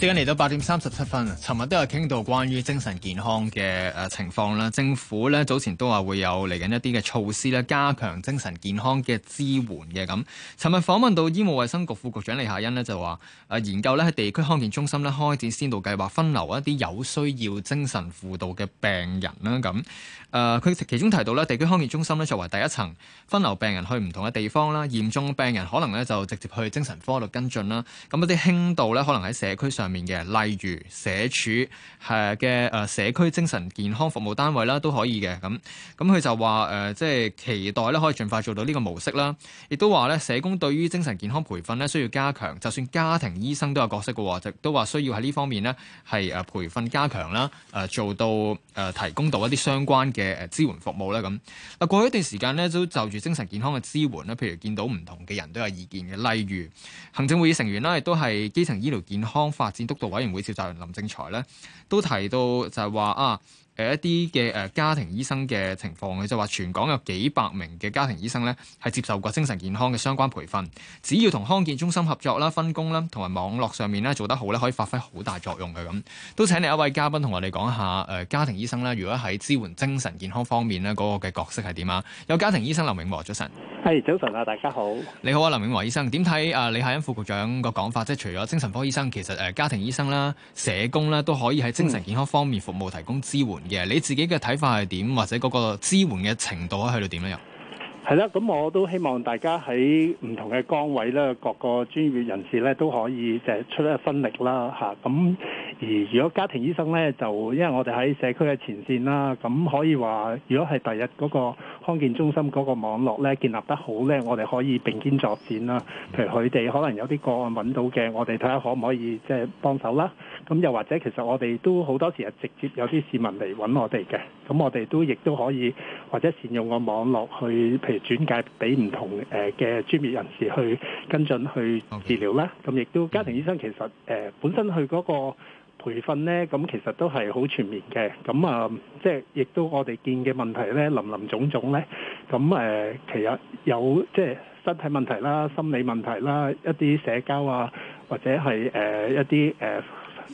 時間嚟到八點三十七分啊，尋日都有傾到關於精神健康嘅，誒情況啦。政府咧，早前都話會有嚟緊一啲嘅措施咧，加強精神健康嘅支援嘅咁。尋日訪問到醫務衛生局副局長李夏茵咧就話，誒、啊，研究咧喺地區康健中心咧開展先導計劃，分流一啲有需要精神輔導嘅病人啦。咁、啊、誒，佢、呃，其中提到咧，地區康健中心咧作為第一層分流病人去唔同嘅地方啦。嚴重病人可能咧就直接去精神科跟進、嗯，度跟進啦。咁一啲輕度咧可能喺社區上。面嘅，例如社署誒嘅誒社區精神健康服務單位啦，都可以嘅。咁咁佢就話誒，即係，呃，就是期待咧，可以盡快做到呢個模式啦。亦都話咧，社工對於精神健康培訓咧需要加強，就算家庭醫生都有角色嘅喎，就都話需要喺呢方面咧係誒培訓加強啦，誒做到誒提供到一啲相關嘅誒支援服務啦。咁啊過去一段時間呢，都就住精神健康嘅支援咧，譬如見到唔同嘅人都有意見嘅，例如行政會議成員啦，亦都係基層醫療健康發展督導委員會召集人林正財咧，都提到就係話啊。誒一啲嘅誒家庭醫生嘅情況嘅，就話全港有幾百名嘅家庭醫生咧，係接受過精神健康嘅相關培訓。只要同康健中心合作啦、分工啦，同埋網絡上面咧做得好咧，可以發揮好大作用嘅咁。都請嚟一位嘉賓同我哋講下誒、呃、家庭醫生咧，如果喺支援精神健康方面咧，嗰、那個嘅角色係點啊？有家庭醫生林永和，hey, 早晨。係，早晨啊，大家好。你好啊，林永和醫生，點睇啊？李夏茵副局長個講法，即係除咗精神科醫生，其實誒、呃、家庭醫生啦、社工啦，都可以喺精神健康方面服務提供支援。Mm hmm. 你自己嘅睇法係點？或者嗰個支援嘅程度去到點樣咧？又係啦，咁我都希望大家喺唔同嘅崗位咧，各個專業人士咧都可以就係出一分力啦，嚇咁。而如果家庭醫生咧，就因為我哋喺社區嘅前線啦，咁可以話，如果係第日嗰個康健中心嗰個網絡咧，建立得好咧，我哋可以並肩作戰啦。譬如佢哋可能有啲個案揾到嘅，我哋睇下可唔可以即係幫手啦。咁又或者其實我哋都好多時係直接有啲市民嚟揾我哋嘅，咁我哋都亦都可以或者善用個網絡去，譬如轉介俾唔同誒嘅、呃、專業人士去跟進去治療啦。咁亦 Okay. 都家庭醫生其實誒。Mm-hmm. 呃本身佢嗰個培訓咧，咁其實都係好全面嘅。咁啊、呃，即係亦都我哋見嘅問題咧，林林總總咧。咁誒、呃，其實有即係身體問題啦、心理問題啦、一啲社交啊，或者係誒、呃、一啲誒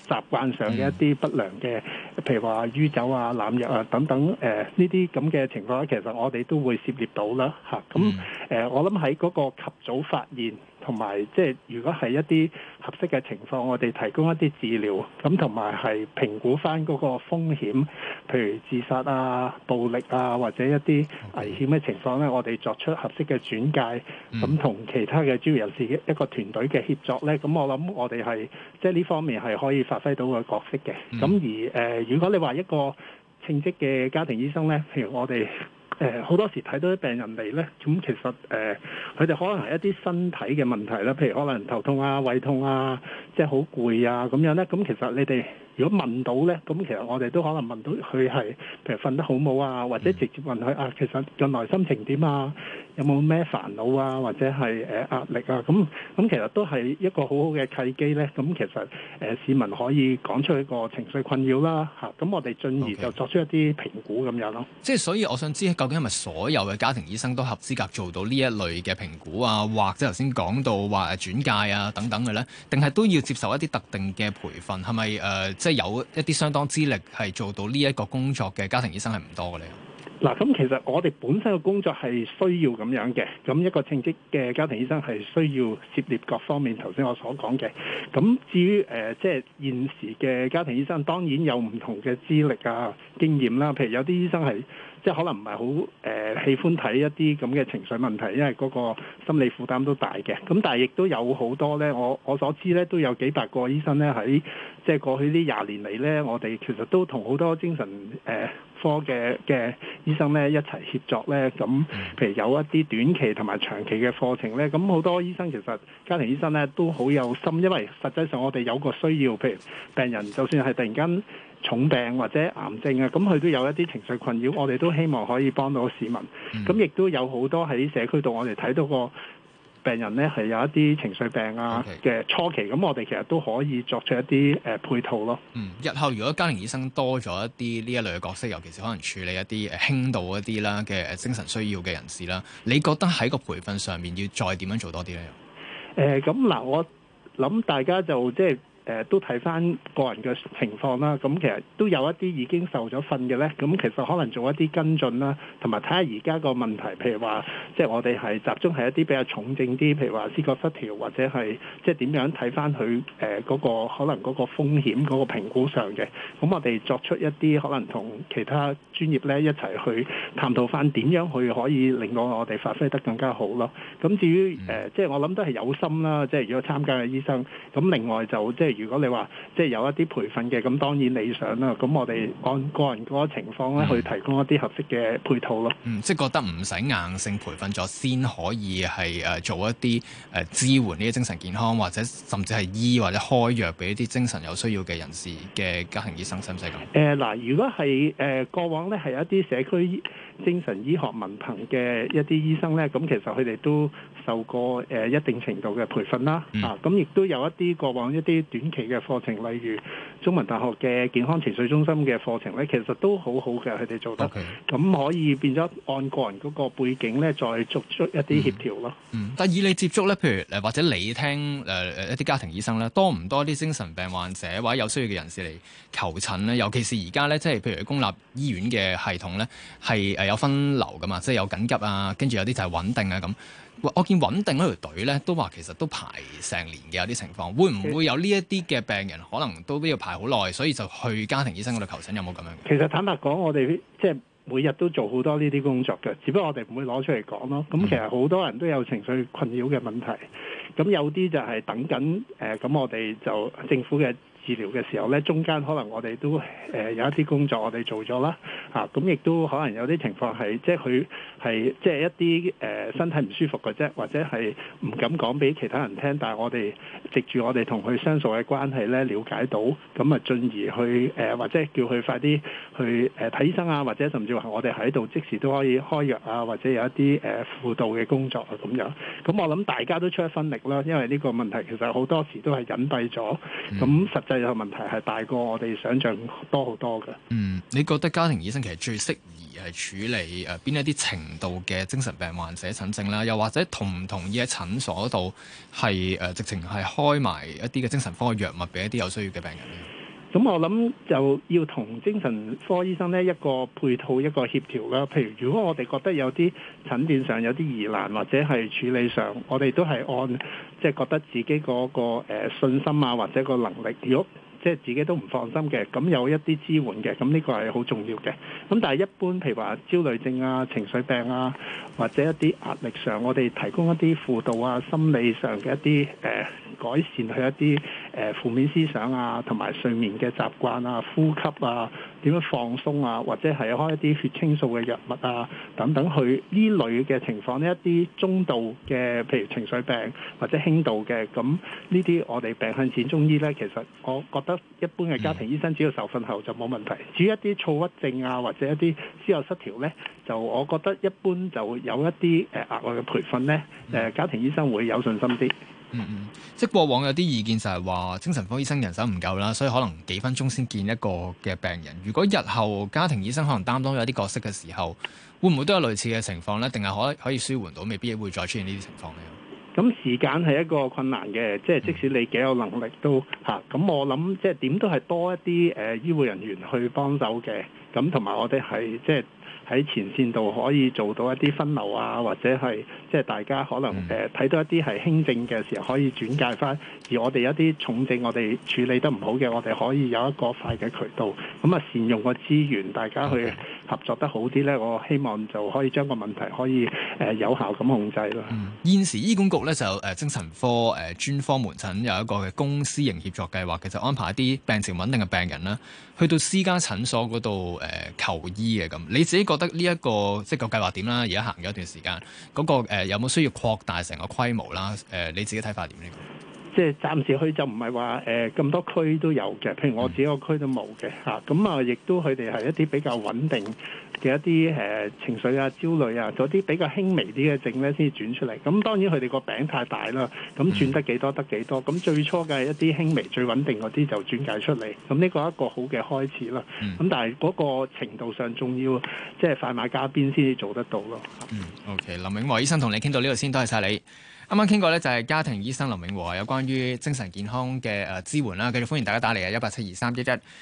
習慣上嘅一啲不良嘅，譬如話酗酒啊、濫藥啊等等。誒呢啲咁嘅情況咧，其實我哋都會涉獵到啦。吓、啊，咁誒、嗯呃，我諗喺嗰個及早發現。同埋，即係如果係一啲合適嘅情況，我哋提供一啲治療，咁同埋係評估翻嗰個風險，譬如自殺啊、暴力啊，或者一啲危險嘅情況咧，我哋作出合適嘅轉介，咁同其他嘅專業人士一個團隊嘅協作咧，咁我諗我哋係即係呢方面係可以發揮到個角色嘅。咁而誒、呃，如果你話一個稱職嘅家庭醫生咧，譬如我哋。誒好多時睇到啲病人嚟咧，咁其實誒佢哋可能係一啲身體嘅問題啦，譬如可能頭痛啊、胃痛啊，即係好攰啊咁樣咧，咁其實你哋，如果問到咧，咁其實我哋都可能問到佢係，譬如瞓得好冇啊，或者直接問佢啊，其實近來心情點啊，有冇咩煩惱啊，或者係誒壓力啊，咁咁其實都係一個好好嘅契機咧。咁其實誒市民可以講出一個情緒困擾啦，嚇咁我哋進而就作出一啲評估咁樣咯。即係所以我想知，究竟係咪所有嘅家庭醫生都合資格做到呢一類嘅評估啊，或者頭先講到話轉介啊等等嘅咧，定係都要接受一啲特定嘅培訓係咪誒？即係有一啲相當資歷係做到呢一個工作嘅家庭醫生，係唔多嘅你。嗱，咁其實我哋本身嘅工作係需要咁樣嘅，咁一個稱職嘅家庭醫生係需要涉獵各方面。頭先我所講嘅，咁至於誒，即係現時嘅家庭醫生，當然有唔同嘅資歷啊、經驗啦。譬如有啲醫生係即係可能唔係好誒喜歡睇一啲咁嘅情緒問題，因為嗰個心理負擔都大嘅。咁但係亦都有好多呢，我我所知呢，都有幾百個醫生呢，喺即係過去呢廿年嚟呢，我哋其實都同好多精神誒。呃科嘅嘅醫生咧一齊協作咧，咁譬如有一啲短期同埋長期嘅課程咧，咁好多醫生其實家庭醫生咧都好有心，因為實際上我哋有個需要，譬如病人就算係突然間重病或者癌症啊，咁佢都有一啲情緒困擾，我哋都希望可以幫到市民。咁亦都有好多喺社區度，我哋睇到個。病人咧係有一啲情緒病啊嘅初期，咁 Okay. 我哋其實都可以作出一啲誒配套咯。嗯，日後如果家庭醫生多咗一啲呢一類嘅角色，尤其是可能處理一啲誒輕度一啲啦嘅精神需要嘅人士啦，你覺得喺個培訓上面要再點樣做多啲咧？誒、呃，咁嗱，我諗大家就即係。誒都睇翻個人嘅情況啦，咁其實都有一啲已經受咗訓嘅咧，咁其實可能做一啲跟進啦，同埋睇下而家個問題，譬如話即係我哋係集中係一啲比較重症啲，譬如話思覺失調或者係即係點樣睇翻佢誒嗰個可能嗰個風險嗰個評估上嘅，咁我哋作出一啲可能同其他專業咧一齊去探討翻點樣去可以令到我哋發揮得更加好咯。咁至於誒即係我諗都係有心啦，即係如果參加嘅醫生，咁另外就即係。如果你話即係有一啲培訓嘅，咁當然理想啦。咁我哋按個人嗰個情況咧，去提供一啲合適嘅配套咯、嗯。嗯，即係覺得唔使硬性培訓咗，先可以係誒、呃、做一啲誒、呃、支援呢啲精神健康，或者甚至係醫或者開藥俾一啲精神有需要嘅人士嘅家庭醫生，使唔使咁？誒嗱、呃呃，如果係誒、呃、過往咧，係一啲社區醫精神醫學文憑嘅一啲醫生咧，咁其實佢哋都受過誒、呃、一定程度嘅培訓啦。嗯、啊，咁、嗯、亦都有一啲過往一啲短期嘅課程，例如中文大學嘅健康情緒中心嘅課程咧，其實都好好嘅，佢哋做得，咁 Okay. 可以變咗按個人嗰個背景咧，再作出一啲協調咯、嗯。嗯，但以你接觸咧，譬如誒或者你聽誒誒、呃、一啲家庭醫生咧，多唔多啲精神病患者或者有需要嘅人士嚟求診咧？尤其是而家咧，即係譬如公立醫院嘅系統咧，係誒有分流噶嘛，即係有緊急啊，跟住有啲就係穩定啊咁。我見穩定嗰條隊咧，都話其實都排成年嘅，有啲情況會唔會有呢一啲嘅病人，可能都都要排好耐，所以就去家庭醫生嗰度求診，有冇咁樣？其實坦白講，我哋即係每日都做好多呢啲工作嘅，只不過我哋唔會攞出嚟講咯。咁其實好多人都有情緒困擾嘅問題，咁有啲就係等緊誒，咁、呃、我哋就政府嘅。治療嘅時候呢，中間可能我哋都誒有一啲工作我哋做咗啦，嚇咁亦都可能有啲情況係，即係佢係即係一啲誒身體唔舒服嘅啫，或者係唔敢講俾其他人聽，但係我哋藉住我哋同佢相熟嘅關係呢，了解到，咁啊進而去誒或者叫佢快啲去誒睇醫生啊，或者甚至話我哋喺度即時都可以開藥啊，或者有一啲誒輔導嘅工作啊咁樣。咁我諗大家都出一分力啦，因為呢個問題其實好多時都係隱蔽咗，咁實際。有問題係大過我哋想像多好多嘅。嗯，你覺得家庭醫生其實最適宜係處理誒邊一啲程度嘅精神病患者診症啦，又或者同唔同意喺診所度係誒直情係開埋一啲嘅精神科嘅藥物俾一啲有需要嘅病人？咁、嗯、我諗就要同精神科醫生呢一個配套一個協調啦。譬如如果我哋覺得有啲診斷上有啲疑難或者係處理上，我哋都係按即係、就是、覺得自己嗰、那個、呃、信心啊或者個能力。如果即係、就是、自己都唔放心嘅，咁有一啲支援嘅，咁呢個係好重要嘅。咁但係一般譬如話焦慮症啊、情緒病啊或者一啲壓力上，我哋提供一啲輔導啊、心理上嘅一啲誒、呃、改善去一啲。誒負面思想啊，同埋睡眠嘅習慣啊、呼吸啊、點樣放鬆啊，或者係開一啲血清素嘅藥物啊等等，去呢類嘅情況，呢一啲中度嘅，譬如情緒病或者輕度嘅，咁呢啲我哋病向淺中醫呢。其實我覺得一般嘅家庭醫生只要受訓後就冇問題。至於一啲躁鬱症啊，或者一啲思覺失調呢，就我覺得一般就會有一啲誒額外嘅培訓呢。誒家庭醫生會有信心啲。嗯嗯，即係過往有啲意見就係話精神科醫生人手唔夠啦，所以可能幾分鐘先見一個嘅病人。如果日後家庭醫生可能擔當有啲角色嘅時候，會唔會都有類似嘅情況咧？定係可可以舒緩到，未必會再出現呢啲情況咧？咁時間係一個困難嘅，即係即使你幾有能力都嚇，咁、啊、我諗即係點都係多一啲誒、呃、醫護人員去幫手嘅，咁同埋我哋係即係喺前線度可以做到一啲分流啊，或者係即係大家可能誒睇、呃、到一啲係輕症嘅時候可以轉介返，而我哋一啲重症我哋處理得唔好嘅，我哋可以有一個快嘅渠道，咁啊善用個資源，大家去合作得好啲呢。Okay. 我希望就可以將個問題可以誒、呃、有效咁控制咯。現時醫管局，嗯咧就誒精神科誒專科門診有一個嘅公私營協作計劃，其實安排一啲病情穩定嘅病人啦，去到私家診所嗰度誒求醫嘅咁。你自己覺得呢、這、一個即個計劃點啦？而家行咗一段時間，嗰、那個有冇需要擴大成個規模啦？誒你自己睇法點呢？即係暫時佢就唔係話誒咁多區都有嘅，譬如我自己個區都冇嘅嚇，咁、嗯、啊亦都佢哋係一啲比較穩定嘅一啲誒情緒啊、焦慮啊嗰啲比較輕微啲嘅症咧先至轉出嚟。咁當然佢哋個餅太大啦，咁轉得幾多、嗯、得幾多。咁最初嘅一啲輕微、最穩定嗰啲就轉介出嚟。咁呢個係一個好嘅開始啦。咁、嗯、但係嗰個程度上仲要，即、就、係、是、快馬加鞭先至做得到咯、嗯。O.K. 林永和醫生同你傾到呢度先，多謝晒你。啱啱傾過咧，就係家庭醫生林永和有關於精神健康嘅誒支援啦，繼續歡迎大家打嚟呀，一八七二三一一。